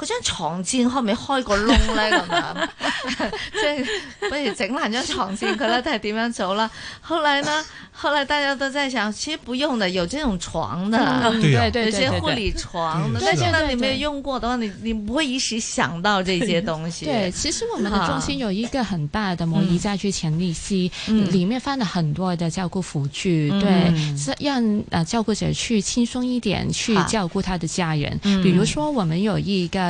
嗰張牀墊後面個窿呢，咁樣，即係不如整爛張床墊佢啦，睇下點樣走啦。 後來呢，後來大家都在想，其實不用的，有這種床的，嗯對，啊、對對有些護理床的。嗯、是的，但係如果你沒有用過的話，你你不會一時想到這些東西。 對，其實我們，我們的中心有一個很大的模擬家居潛力室，裡面放了很多的照顧輔具、嗯，對，是讓啊、呃、照顧者去輕鬆一點去照顧他的家人。比如說，我們有一個。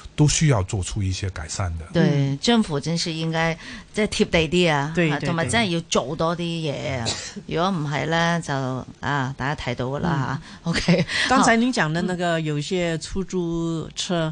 都需要做出一些改善的。對，政府真是應該即係貼地啲啊，同埋真係要做多啲嘢。如果唔係呢，就啊，大家睇到㗎啦吓、嗯。OK，剛才您講的那個有些出租車。